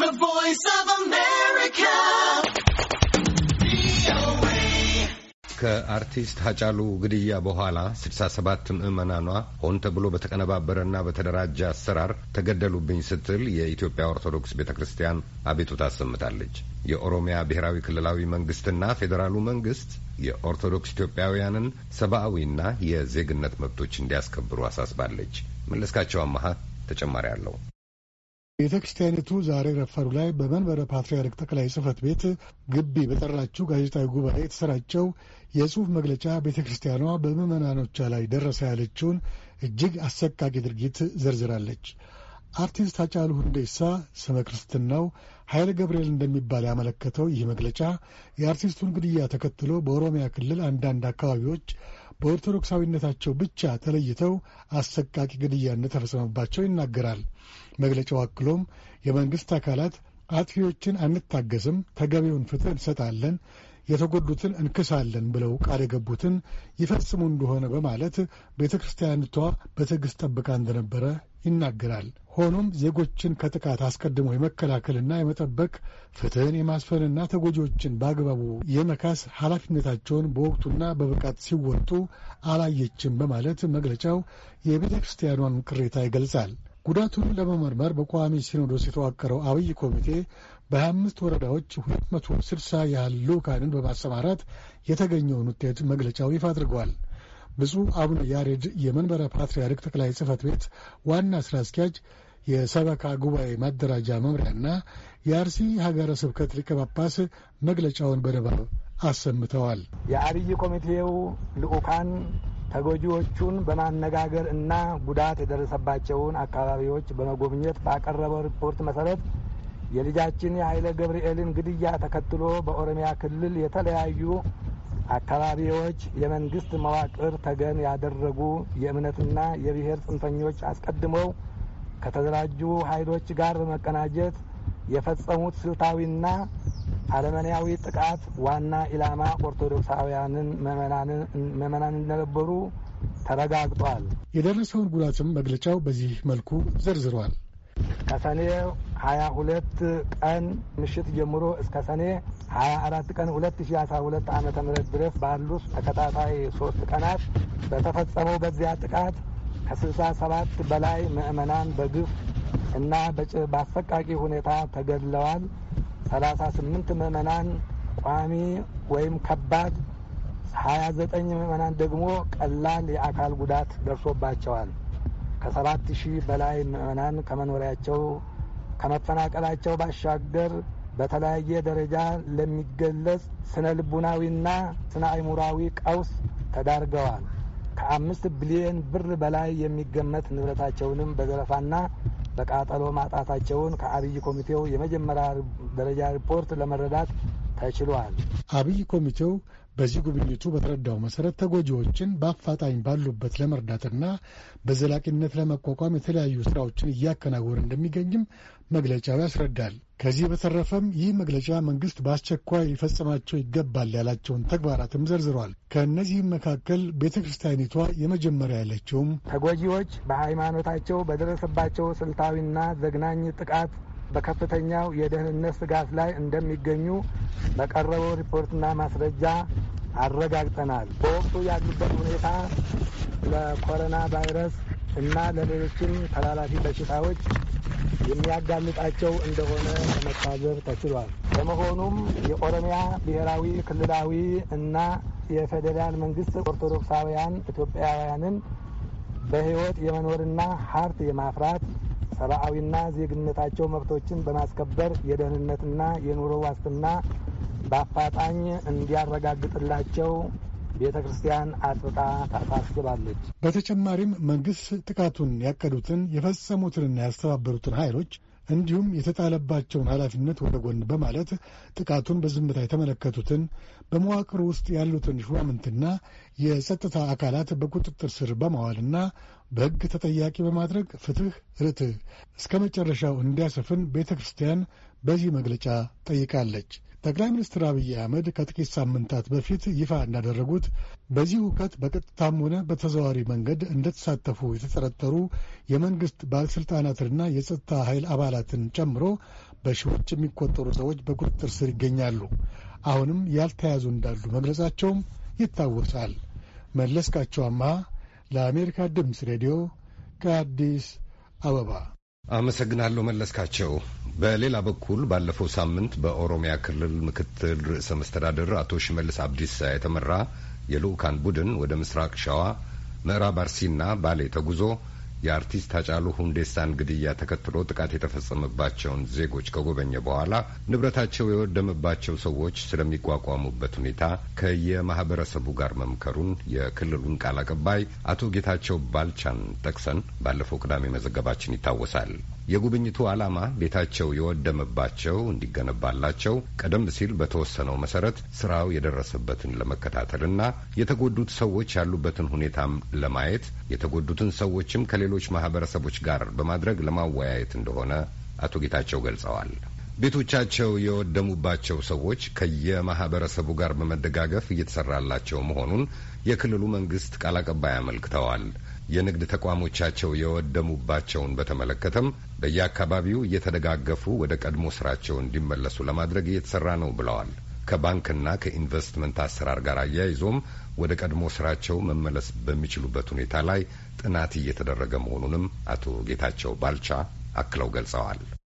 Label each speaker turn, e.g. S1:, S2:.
S1: The Voice of America.
S2: ከአርቲስት ሀጫሉ ግድያ በኋላ 67 ምዕመናኗ ሆን ተብሎ በተቀነባበረና በተደራጀ አሰራር ተገደሉብኝ ስትል የኢትዮጵያ ኦርቶዶክስ ቤተ ክርስቲያን አቤቱታ አሰምታለች። የኦሮሚያ ብሔራዊ ክልላዊ መንግስትና ፌዴራሉ መንግስት የኦርቶዶክስ ኢትዮጵያውያንን ሰብአዊና የዜግነት መብቶች እንዲያስከብሩ አሳስባለች። መለስካቸው አመሀ ተጨማሪ አለው።
S3: ቤተ ክርስቲያኒቱ ዛሬ ረፈሩ ላይ በመንበረ ፓትርያርክ ጠቅላይ ጽህፈት ቤት ግቢ በጠራችው ጋዜጣዊ ጉባኤ የተሰራጨው የጽሑፍ መግለጫ ቤተ ክርስቲያኗ በምዕመናኖቿ ላይ ደረሰ ያለችውን እጅግ አሰቃቂ ድርጊት ዘርዝራለች። አርቲስት ሃጫሉ ሁንዴሳ ስመ ክርስትናው ኃይለ ገብርኤል እንደሚባል ያመለከተው ይህ መግለጫ የአርቲስቱን ግድያ ተከትሎ በኦሮሚያ ክልል አንዳንድ አካባቢዎች በኦርቶዶክሳዊነታቸው ብቻ ተለይተው አሰቃቂ ግድያ እንደተፈጸመባቸው ይናገራል። መግለጫው አክሎም የመንግሥት አካላት አጥፊዎችን አንታገስም፣ ተገቢውን ፍትህ እንሰጣለን የተጎዱትን እንክሳለን ብለው ቃል የገቡትን ይፈጽሙ እንደሆነ በማለት ቤተ ክርስቲያንቷ በትዕግሥት ጠብቃ እንደነበረ ይናገራል። ሆኖም ዜጎችን ከጥቃት አስቀድሞ የመከላከልና የመጠበቅ ፍትሕን የማስፈንና ተጎጂዎችን በአግባቡ የመካስ ኃላፊነታቸውን በወቅቱና በብቃት ሲወጡ አላየችም በማለት መግለጫው የቤተ ክርስቲያኗን ቅሬታ ይገልጻል። ጉዳቱን ለመመርመር በቋሚ ሲኖዶስ የተዋቀረው አብይ ኮሚቴ በ25 ወረዳዎች 260 ያህል ልዑካንን በማሰማራት የተገኘውን ውጤት መግለጫው ይፋ አድርጓል። ብፁዕ አቡነ ያሬድ የመንበረ ፓትርያርክ ጠቅላይ ጽህፈት ቤት ዋና ሥራ አስኪያጅ የሰበካ ጉባኤ ማደራጃ መምሪያና የአርሲ ሀገረ ስብከት ሊቀ ጳጳስ መግለጫውን በንባብ አሰምተዋል።
S1: የአብይ ኮሚቴው ልዑካን ተጎጂዎቹን በማነጋገር እና ጉዳት የደረሰባቸውን አካባቢዎች በመጎብኘት ባቀረበው ሪፖርት መሰረት የልጃችን የኃይለ ገብርኤልን ግድያ ተከትሎ በኦሮሚያ ክልል የተለያዩ አካባቢዎች የመንግስት መዋቅር ተገን ያደረጉ የእምነትና የብሔር ጽንፈኞች አስቀድመው ከተደራጁ ኃይሎች ጋር በመቀናጀት የፈጸሙት ስልታዊና አለመንያዊ ጥቃት ዋና ኢላማ ኦርቶዶክሳውያንን ምዕመናን እንደነበሩ ተረጋግጧል። የደረሰውን
S3: ጉዳትም መግለጫው በዚህ መልኩ ዘርዝሯል።
S1: ከሰኔ ሁለት ቀን ምሽት ጀምሮ እስከ ሰኔ 24 ቀን 2012 ዓ ም ድረስ ባሉት ተከታታይ ሶስት ቀናት በተፈጸመው በዚያ ጥቃት ከ67 በላይ ምዕመናን በግፍ እና በአሰቃቂ ሁኔታ ተገድለዋል። ሰላሳ ስምንት ምዕመናን ቋሚ ወይም ከባድ፣ ሀያ ዘጠኝ ምዕመናን ደግሞ ቀላል የአካል ጉዳት ደርሶባቸዋል። ከሰባት ሺህ በላይ ምዕመናን ከመኖሪያቸው ከመፈናቀላቸው ባሻገር በተለያየ ደረጃ ለሚገለጽ ስነ ልቡናዊና ስነ አይሙራዊ ቀውስ ተዳርገዋል። ከአምስት ቢሊዮን ብር በላይ የሚገመት ንብረታቸውንም በዘረፋና በቃጠሎ ማጣታቸውን ከአብይ ኮሚቴው የመጀመሪያ ደረጃ ሪፖርት ለመረዳት ተችሏል።
S3: አብይ ኮሚቴው በዚህ ጉብኝቱ በተረዳው መሰረት ተጎጂዎችን በአፋጣኝ ባሉበት ለመርዳትና በዘላቂነት ለመቋቋም የተለያዩ ስራዎችን እያከናወነ እንደሚገኝም መግለጫው ያስረዳል። ከዚህ በተረፈም ይህ መግለጫ መንግስት በአስቸኳይ ሊፈጽማቸው ይገባል ያላቸውን ተግባራትም ዘርዝሯል። ከእነዚህም መካከል ቤተ ክርስቲያኒቷ የመጀመሪያ ያለችውም
S1: ተጎጂዎች በሃይማኖታቸው በደረሰባቸው ስልታዊና ዘግናኝ ጥቃት በከፍተኛው የደህንነት ስጋት ላይ እንደሚገኙ በቀረበው ሪፖርትና ማስረጃ አረጋግጠናል። በወቅቱ ያሉበት ሁኔታ ለኮሮና ቫይረስ እና ለሌሎችም ተላላፊ በሽታዎች የሚያጋልጣቸው እንደሆነ ለመታዘብ ተችሏል። በመሆኑም የኦሮሚያ ብሔራዊ ክልላዊ እና የፌዴራል መንግስት ኦርቶዶክሳውያን ኢትዮጵያውያንን በሕይወት የመኖርና ሀብት የማፍራት ሰብአዊና ዜግነታቸው መብቶችን በማስከበር የደህንነትና የኑሮ ዋስትና በአፋጣኝ እንዲያረጋግጥላቸው ቤተ ክርስቲያን አጥብቃ ታሳስባለች።
S3: በተጨማሪም መንግስት ጥቃቱን ያቀዱትን የፈጸሙትንና ያስተባበሩትን ኃይሎች እንዲሁም የተጣለባቸውን ኃላፊነት ወደ ጎን በማለት ጥቃቱን በዝምታ የተመለከቱትን በመዋቅር ውስጥ ያሉትን ሹማምንትና የጸጥታ አካላት በቁጥጥር ስር በማዋልና በሕግ ተጠያቂ በማድረግ ፍትሕ ርትዕ እስከ መጨረሻው እንዲያሰፍን ቤተ ክርስቲያን በዚህ መግለጫ ጠይቃለች። ጠቅላይ ሚኒስትር አብይ አህመድ ከጥቂት ሳምንታት በፊት ይፋ እንዳደረጉት በዚህ ሁከት በቀጥታም ሆነ በተዘዋዋሪ መንገድ እንደተሳተፉ የተጠረጠሩ የመንግሥት ባለሥልጣናትንና የጸጥታ ኃይል አባላትን ጨምሮ በሺዎች የሚቆጠሩ ሰዎች በቁጥጥር ስር ይገኛሉ። አሁንም ያልተያዙ እንዳሉ መግለጻቸውም ይታወሳል። መለስካቸው አማሃ ለአሜሪካ ድምፅ ሬዲዮ ከአዲስ አበባ
S2: አመሰግናለሁ መለስካቸው። በሌላ በኩል ባለፈው ሳምንት በኦሮሚያ ክልል ምክትል ርዕሰ መስተዳድር አቶ ሽመልስ አብዲሳ የተመራ የልዑካን ቡድን ወደ ምስራቅ ሸዋ፣ ምዕራብ አርሲና ባሌ ተጉዞ የአርቲስት አጫሉ ሁንዴሳን ግድያ ተከትሎ ጥቃት የተፈጸመባቸውን ዜጎች ከጎበኘ በኋላ ንብረታቸው የወደመባቸው ሰዎች ስለሚቋቋሙበት ሁኔታ ከየማህበረሰቡ ጋር መምከሩን የክልሉን ቃል አቀባይ አቶ ጌታቸው ባልቻን ጠቅሰን ባለፈው ቅዳሜ መዘገባችን ይታወሳል። የጉብኝቱ ዓላማ ቤታቸው የወደመባቸው እንዲገነባላቸው ቀደም ሲል በተወሰነው መሰረት ስራው የደረሰበትን ለመከታተልና የተጎዱት ሰዎች ያሉበትን ሁኔታም ለማየት የተጎዱትን ሰዎችም ከሌሎ ከሌሎች ማህበረሰቦች ጋር በማድረግ ለማወያየት እንደሆነ አቶ ጌታቸው ገልጸዋል። ቤቶቻቸው የወደሙባቸው ሰዎች ከየማህበረሰቡ ጋር በመደጋገፍ እየተሰራላቸው መሆኑን የክልሉ መንግስት ቃል አቀባይ አመልክተዋል። የንግድ ተቋሞቻቸው የወደሙባቸውን በተመለከተም በየአካባቢው እየተደጋገፉ ወደ ቀድሞ ስራቸው እንዲመለሱ ለማድረግ እየተሰራ ነው ብለዋል። ከባንክና ከኢንቨስትመንት አሰራር ጋር አያይዞም ወደ ቀድሞ ስራቸው መመለስ በሚችሉበት ሁኔታ ላይ ጥናት እየተደረገ መሆኑንም አቶ ጌታቸው ባልቻ አክለው ገልጸዋል።